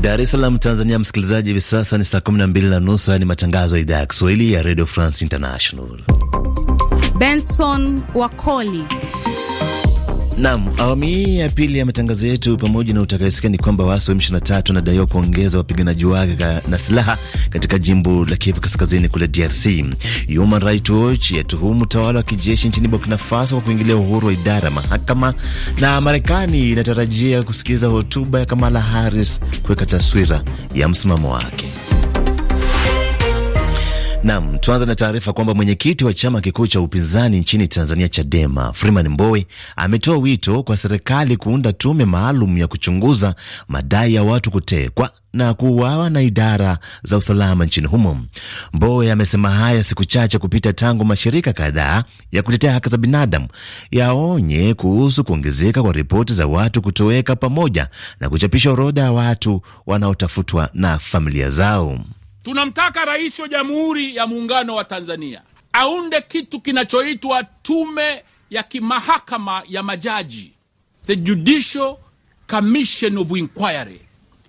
Dar es Salaam, Tanzania. Msikilizaji, hivi sasa ni saa 12 na nusu. Haya ni matangazo ya idhaa ya Kiswahili ya Radio France International. Benson Wakoli Nam, awamu hii ya pili ya matangazo yetu pamoja na utakayosikia ni kwamba waasi wa M23 wanadaiwa kuongeza wapiganaji wake na silaha katika jimbo la Kivu Kaskazini kule DRC. Human Rights Watch yatuhumu utawala wa kijeshi nchini Burkina Faso kwa kuingilia uhuru wa idara ya mahakama, na Marekani inatarajia kusikiliza hotuba ya Kamala Harris kuweka taswira ya msimamo wake. Nam, tuanze na taarifa kwamba mwenyekiti wa chama kikuu cha upinzani nchini Tanzania, Chadema, Freeman Mbowe ametoa wito kwa serikali kuunda tume maalum ya kuchunguza madai ya watu kutekwa na kuuawa na idara za usalama nchini humo. Mbowe amesema haya siku chache kupita tangu mashirika kadhaa ya kutetea haki za binadamu yaonye kuhusu kuongezeka kwa ripoti za watu kutoweka pamoja na kuchapisha orodha ya watu wanaotafutwa na familia zao. Tunamtaka Rais wa Jamhuri ya Muungano wa Tanzania aunde kitu kinachoitwa tume ya kimahakama ya majaji, the Judicial Commission of Inquiry,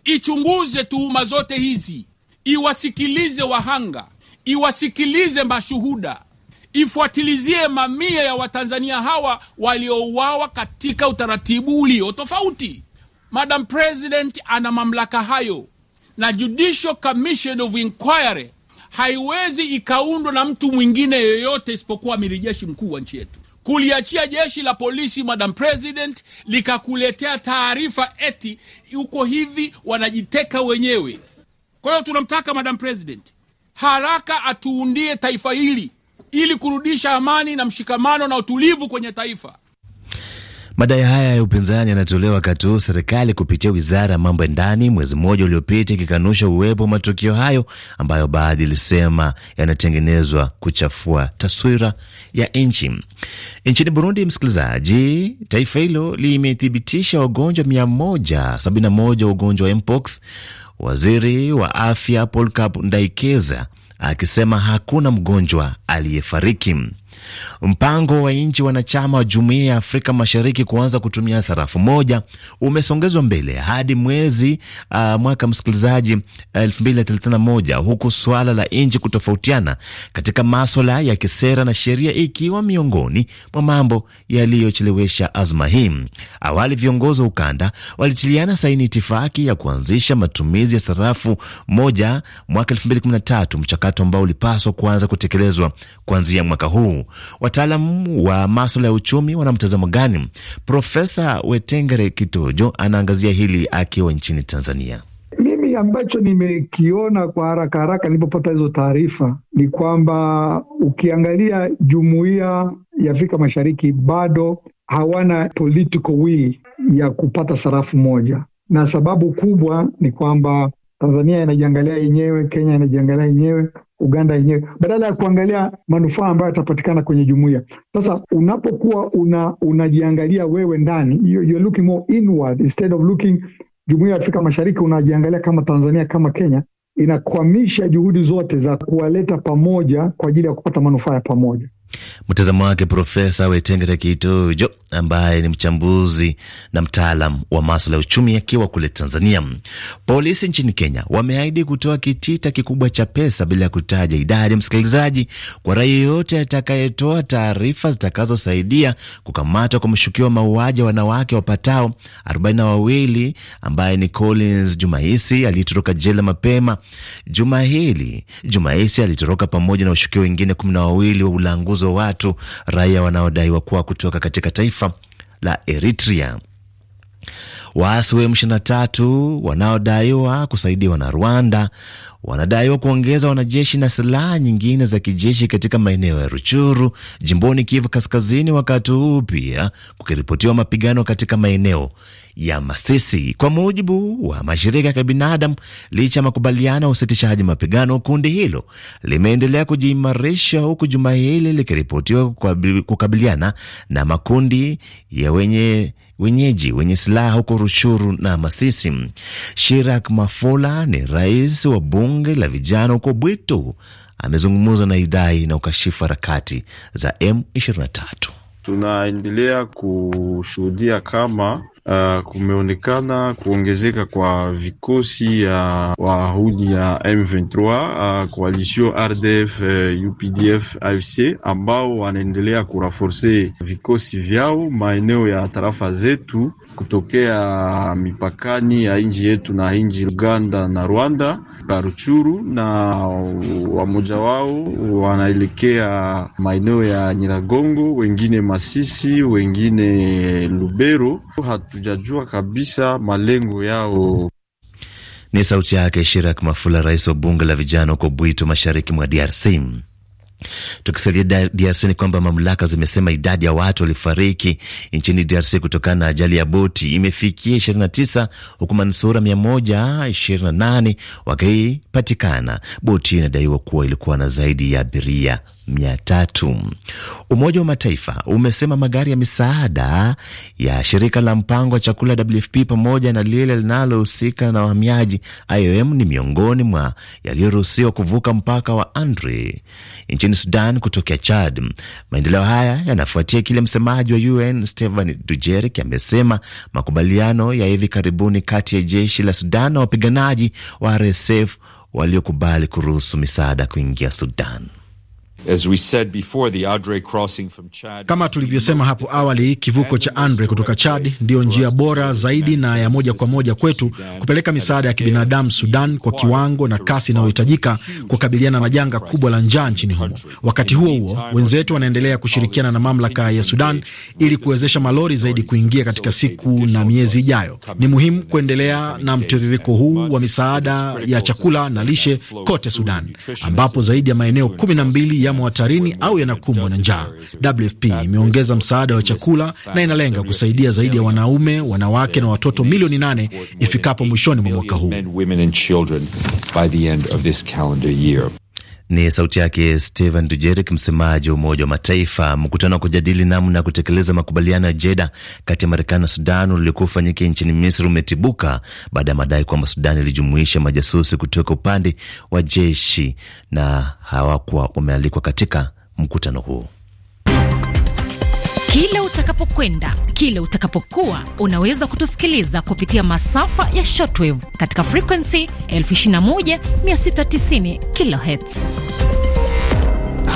ichunguze tuhuma zote hizi, iwasikilize wahanga, iwasikilize mashuhuda, ifuatilizie mamia ya Watanzania hawa waliouawa katika utaratibu ulio tofauti. Madam President ana mamlaka hayo na Judicial Commission of Inquiry haiwezi ikaundwa na mtu mwingine yoyote isipokuwa amiri jeshi mkuu wa nchi yetu. Kuliachia jeshi la polisi, Madam President, likakuletea taarifa eti uko hivi, wanajiteka wenyewe. Kwa hiyo tunamtaka Madam President haraka atuundie taifa hili ili kurudisha amani na mshikamano na utulivu kwenye taifa. Madai haya ya upinzani yanatolewa wakati huu serikali kupitia wizara ya mambo ya ndani mwezi mmoja uliopita ikikanusha uwepo wa matukio hayo ambayo baadhi ilisema yanatengenezwa kuchafua taswira ya nchi. Nchini Burundi, msikilizaji, taifa hilo limethibitisha wagonjwa 171 wa ugonjwa wa mpox, waziri wa afya Paul Ndaikeza akisema hakuna mgonjwa aliyefariki. Mpango wa nchi wanachama wa Jumuiya ya Afrika Mashariki kuanza kutumia sarafu moja umesongezwa mbele hadi mwezi uh, mwaka msikilizaji 2031 huku swala la nchi kutofautiana katika maswala ya kisera na sheria ikiwa miongoni mwa mambo yaliyochelewesha azma hii. Awali viongozi wa ukanda walitiliana saini itifaki ya kuanzisha matumizi ya sarafu moja mwaka 2013, mchakato ambao ulipaswa kuanza kutekelezwa kuanzia mwaka huu wataalam wa maswala ya uchumi wana mtazamo gani? Profesa Wetengere Kitojo anaangazia hili akiwa nchini Tanzania. Mimi ambacho nimekiona kwa haraka haraka nilipopata hizo taarifa ni kwamba ukiangalia jumuiya ya Afrika Mashariki bado hawana political will ya kupata sarafu moja, na sababu kubwa ni kwamba Tanzania inajiangalia yenyewe, Kenya inajiangalia yenyewe, Uganda yenyewe badala ya kuangalia manufaa ambayo yatapatikana kwenye jumuiya. Sasa unapokuwa una, unajiangalia wewe ndani, you're looking more inward instead of looking jumuiya ya Afrika Mashariki, unajiangalia kama Tanzania kama Kenya, inakwamisha juhudi zote za kuwaleta pamoja kwa ajili ya kupata manufaa ya pamoja. Mtazamo wake Profesa Wetengere Kitojo, ambaye ni mchambuzi na mtaalam wa maswala ya uchumi, akiwa kule Tanzania. Polisi nchini Kenya wameahidi kutoa kitita kikubwa cha pesa bila ya kutaja idadi, msikilizaji, kwa raia yeyote atakayetoa taarifa zitakazosaidia kukamatwa kwa mshukiwa wa mauaji ya wanawake wapatao arobaini ambaye ni Collins Jumaisi aliyetoroka jela mapema juma hili. Jumaisi alitoroka pamoja na washukiwa wengine 1 wawili wa ulanguzi wa watu raia wanaodaiwa kuwa kutoka katika taifa la Eritrea. Waasi wa M23 wanaodaiwa kusaidiwa na Rwanda wanadaiwa kuongeza wanajeshi na silaha nyingine za kijeshi katika maeneo ya Ruchuru jimboni Kivu Kaskazini, wakati huu pia kukiripotiwa mapigano katika maeneo ya Masisi. Kwa mujibu wa mashirika ya kibinadamu, licha ya makubaliano ya usitishaji mapigano, kundi hilo limeendelea kujiimarisha, huku juma hili likiripotiwa kukabiliana na makundi ya wenye wenyeji wenye silaha huko Rushuru na Masisi. Shirak Mafola ni rais wa bunge la vijana huko Bwito, amezungumza na idai na ukashifu harakati za M23. Tunaendelea kushuhudia kama uh, kumeonekana kuongezeka kwa vikosi ya uh, wahudi ya M23 uh, RDF uh, UPDF AFC ambao wanaendelea kuraforce vikosi vyao maeneo ya tarafa zetu kutokea mipakani ya nchi yetu na nchi Uganda na Rwanda karuchuru na wamoja wao wanaelekea maeneo ya Nyiragongo, wengine Masisi, wengine Lubero Hat hatujajua kabisa malengo yao. Ni sauti yake Shirak Mafula, rais wa bunge la vijana huko Bwito, mashariki mwa DRC. Tukisalia DRC ni kwamba mamlaka zimesema idadi ya watu walifariki nchini DRC kutokana na ajali ya boti imefikia 29 huku manusura 128 wakipatikana. Boti inadaiwa kuwa ilikuwa na zaidi ya abiria mia tatu. Umoja wa Mataifa umesema magari ya misaada ya shirika la mpango wa chakula WFP pamoja na lile linalohusika na wahamiaji IOM ni miongoni mwa yaliyoruhusiwa kuvuka mpaka wa Andre nchini Sudan kutokea Chad. Maendeleo haya yanafuatia kile msemaji wa UN Stephane Dujarric amesema makubaliano ya hivi karibuni kati ya jeshi la Sudan na wapiganaji wa RSF waliokubali kuruhusu misaada kuingia Sudan. Kama tulivyosema hapo awali, kivuko cha Andre kutoka Chad ndiyo njia bora zaidi na ya moja kwa moja kwetu kupeleka misaada ya kibinadamu Sudan kwa kiwango na kasi inayohitajika kukabiliana na janga kubwa la njaa nchini humo. Wakati huo huo, wenzetu wanaendelea kushirikiana na mamlaka ya Sudan ili kuwezesha malori zaidi kuingia katika siku na miezi ijayo. Ni muhimu kuendelea na mtiririko huu wa misaada ya chakula na lishe kote Sudan, ambapo zaidi ya maeneo kumi na mbili ya yamo hatarini au yanakumbwa na njaa. WFP imeongeza msaada wa chakula na inalenga kusaidia zaidi ya wanaume, wanawake na watoto milioni nane ifikapo mwishoni mwa mwaka huu. Ni sauti yake Stephane dujerik msemaji wa Umoja wa Mataifa. Mkutano wa kujadili namna ya kutekeleza makubaliano ya Jeda kati ya Marekani na Sudan uliokuwa ufanyike nchini Misri umetibuka baada ya madai kwamba Sudan ilijumuisha majasusi kutoka upande wa jeshi na hawakuwa wamealikwa katika mkutano huo. Kila utakapokwenda, kila utakapokuwa, unaweza kutusikiliza kupitia masafa ya shortwave katika frequency 21690 kHz.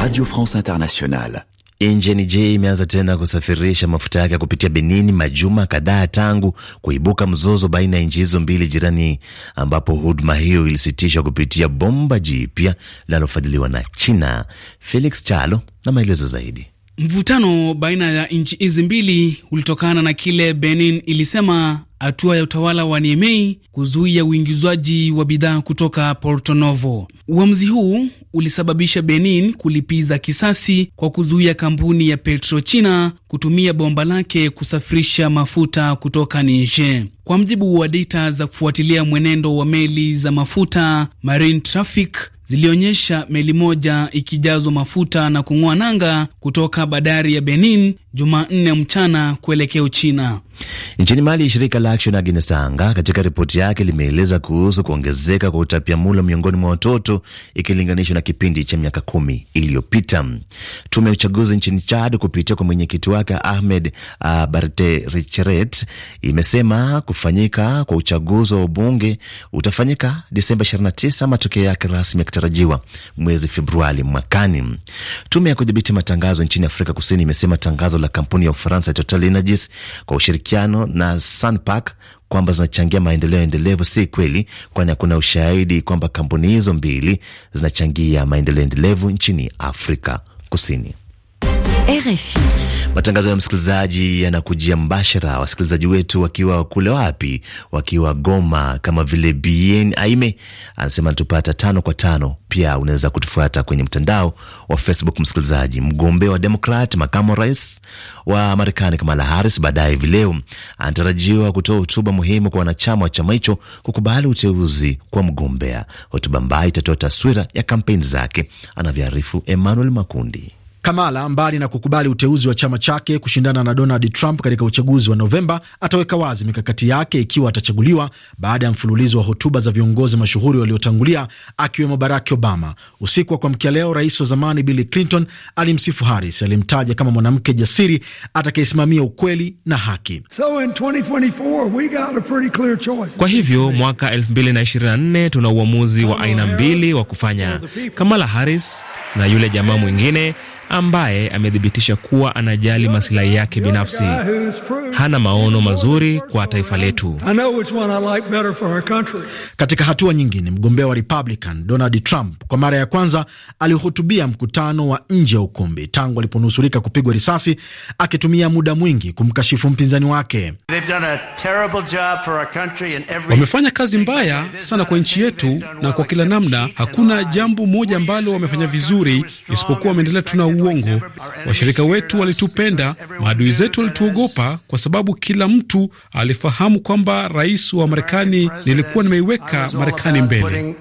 Radio France Internationale. Injini J imeanza tena kusafirisha mafuta yake kupitia Benini majuma kadhaa tangu kuibuka mzozo baina ya nchi hizo mbili jirani, ambapo huduma hiyo ilisitishwa kupitia bomba jipya linalofadhiliwa na China. Felix Chalo na maelezo zaidi. Mvutano baina ya nchi hizi mbili ulitokana na kile Benin ilisema hatua ya utawala wa Niamey kuzuia uingizwaji wa bidhaa kutoka Porto Novo. Uamuzi huu ulisababisha Benin kulipiza kisasi kwa kuzuia kampuni ya Petrochina kutumia bomba lake kusafirisha mafuta kutoka Niger. Kwa mjibu wa data za kufuatilia mwenendo wa meli za mafuta Marine Traffic zilionyesha meli moja ikijazwa mafuta na kung'oa nanga kutoka bandari ya Benin Jumanne mchana kuelekea Uchina. Nchini Mali, shirika la Action Against Hunger katika ripoti yake limeeleza kuhusu kuongezeka kwa utapiamlo miongoni mwa watoto ikilinganishwa na kipindi cha miaka kumi iliyopita. Tume ya uchaguzi nchini Chad kupitia kwa mwenyekiti wake Ahmed uh, ah, Barterecheret imesema kufanyika kwa uchaguzi wa ubunge utafanyika Disemba 29, matokeo yake rasmi yakitarajiwa mwezi Februari mwakani. Tume ya kudhibiti matangazo nchini Afrika Kusini imesema tangazo la kampuni ya Ufaransa Total Energies kwa ushirikiano na Sunpark kwamba zinachangia maendeleo endelevu si kweli, kwani hakuna ushahidi kwamba kampuni hizo mbili zinachangia maendeleo endelevu nchini Afrika Kusini. RFI. Matangazo ya msikilizaji yanakujia mbashara, wasikilizaji wetu wakiwa kule wapi? Wakiwa Goma, kama vile Bien Aime anasema natupata tano kwa tano. Pia unaweza kutufuata kwenye mtandao wa Facebook. Msikilizaji, mgombea wa Demokrat, makamu wa rais wa Marekani Kamala Harris baadaye vileo anatarajiwa kutoa hotuba muhimu kwa wanachama wa chama hicho kukubali uteuzi kwa mgombea, hotuba ambayo itatoa taswira ya kampeni zake, anavyoarifu Emmanuel Makundi. Kamala, mbali na kukubali uteuzi wa chama chake kushindana na Donald Trump katika uchaguzi wa Novemba, ataweka wazi mikakati yake ikiwa atachaguliwa, baada ya mfululizo wa hotuba za viongozi mashuhuri waliotangulia, akiwemo Barack Obama. Usiku wa kuamkia leo, rais wa zamani Bill Clinton alimsifu Harris, alimtaja kama mwanamke jasiri atakayesimamia ukweli na haki. So in 2024, we got a pretty clear choice. Kwa hivyo mwaka 2024 tuna uamuzi wa aina mbili wa kufanya, Kamala Harris na yule jamaa mwingine ambaye amethibitisha kuwa anajali masilahi yake binafsi. Hana maono mazuri kwa taifa letu. Katika hatua nyingine, mgombea wa Republican Donald Trump kwa mara ya kwanza alihutubia mkutano wa nje ya ukumbi tangu aliponusurika kupigwa risasi, akitumia muda mwingi kumkashifu mpinzani wake. Wamefanya kazi mbaya sana kwa nchi yetu na kwa kila namna. Hakuna jambo moja ambalo wamefanya vizuri, isipokuwa wameendelea tuna uongo. Washirika wetu walitupenda, maadui zetu walituogopa, kwa sababu kila mtu alifahamu kwamba rais wa Marekani, nilikuwa nimeiweka Marekani mbele.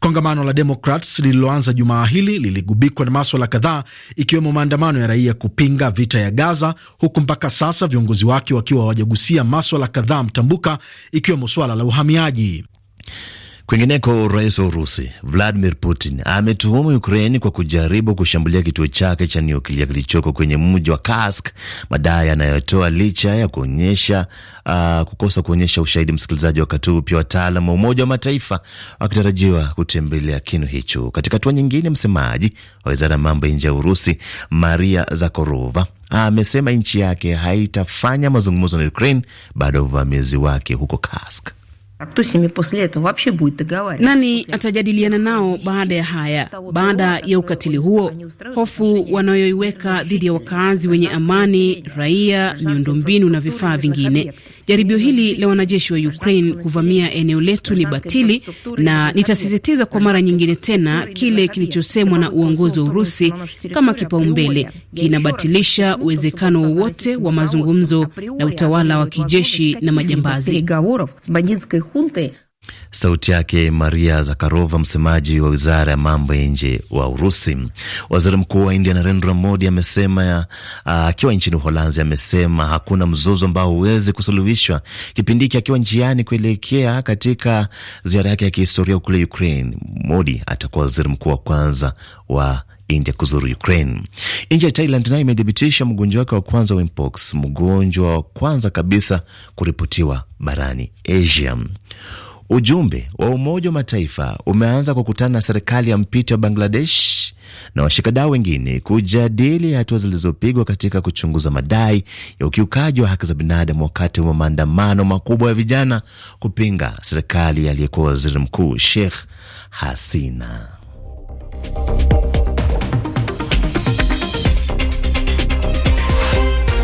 Kongamano la Democrats lililoanza jumaa hili liligubikwa na maswala kadhaa, ikiwemo maandamano ya raia kupinga vita ya Gaza, huku mpaka sasa viongozi wake wakiwa hawajagusia maswala kadhaa mtambuka, ikiwemo swala la uhamiaji. Kwingineko, rais wa Urusi Vladimir Putin ametuhumu Ukraini kwa kujaribu kushambulia kituo chake cha nyuklia kilichoko kwenye mji wa Kask, madai yanayotoa licha ya kuonyesha uh, kukosa kuonyesha ushahidi. Msikilizaji, wakati huu pia wataalam wa Umoja wa Mataifa wakitarajiwa kutembelea kinu hicho. Katika hatua nyingine, msemaji wa wizara ya mambo ya nje ya Urusi Maria Zakharova amesema nchi yake haitafanya mazungumzo na Ukraine baada ya uvamizi wake huko Kask. Nani atajadiliana nao baada ya haya? Baada ya ukatili huo, hofu wanayoiweka dhidi ya wakaazi wenye amani, raia, miundombinu na vifaa vingine. Jaribio hili la wanajeshi wa Ukraine kuvamia eneo letu ni batili, na nitasisitiza kwa mara nyingine tena kile kilichosemwa na uongozi wa Urusi kama kipaumbele. Kinabatilisha uwezekano wowote wa mazungumzo na utawala wa kijeshi na majambazi junte. Sauti yake Maria Zakharova, msemaji wa wizara ya mambo ya nje wa Urusi. Waziri Mkuu wa India Narendra Modi amesema akiwa nchini Uholanzi, amesema hakuna mzozo ambao huwezi kusuluhishwa. Kipindi hiki akiwa njiani kuelekea katika ziara yake ya kihistoria kule Ukraine, Modi atakuwa waziri mkuu wa kwanza wa India kuzuru Ukraine. Nchi ya Thailand nayo imethibitisha mgonjwa wake wa kwanza wa mpox, mgonjwa wa kwanza kabisa kuripotiwa barani Asia. Ujumbe wa Umoja wa Mataifa umeanza kukutana na serikali ya mpito ya Bangladesh na washikadau wengine kujadili hatua zilizopigwa katika kuchunguza madai ya ukiukaji wa haki za binadamu wakati wa maandamano makubwa ya vijana kupinga serikali aliyekuwa waziri mkuu Sheikh Hasina.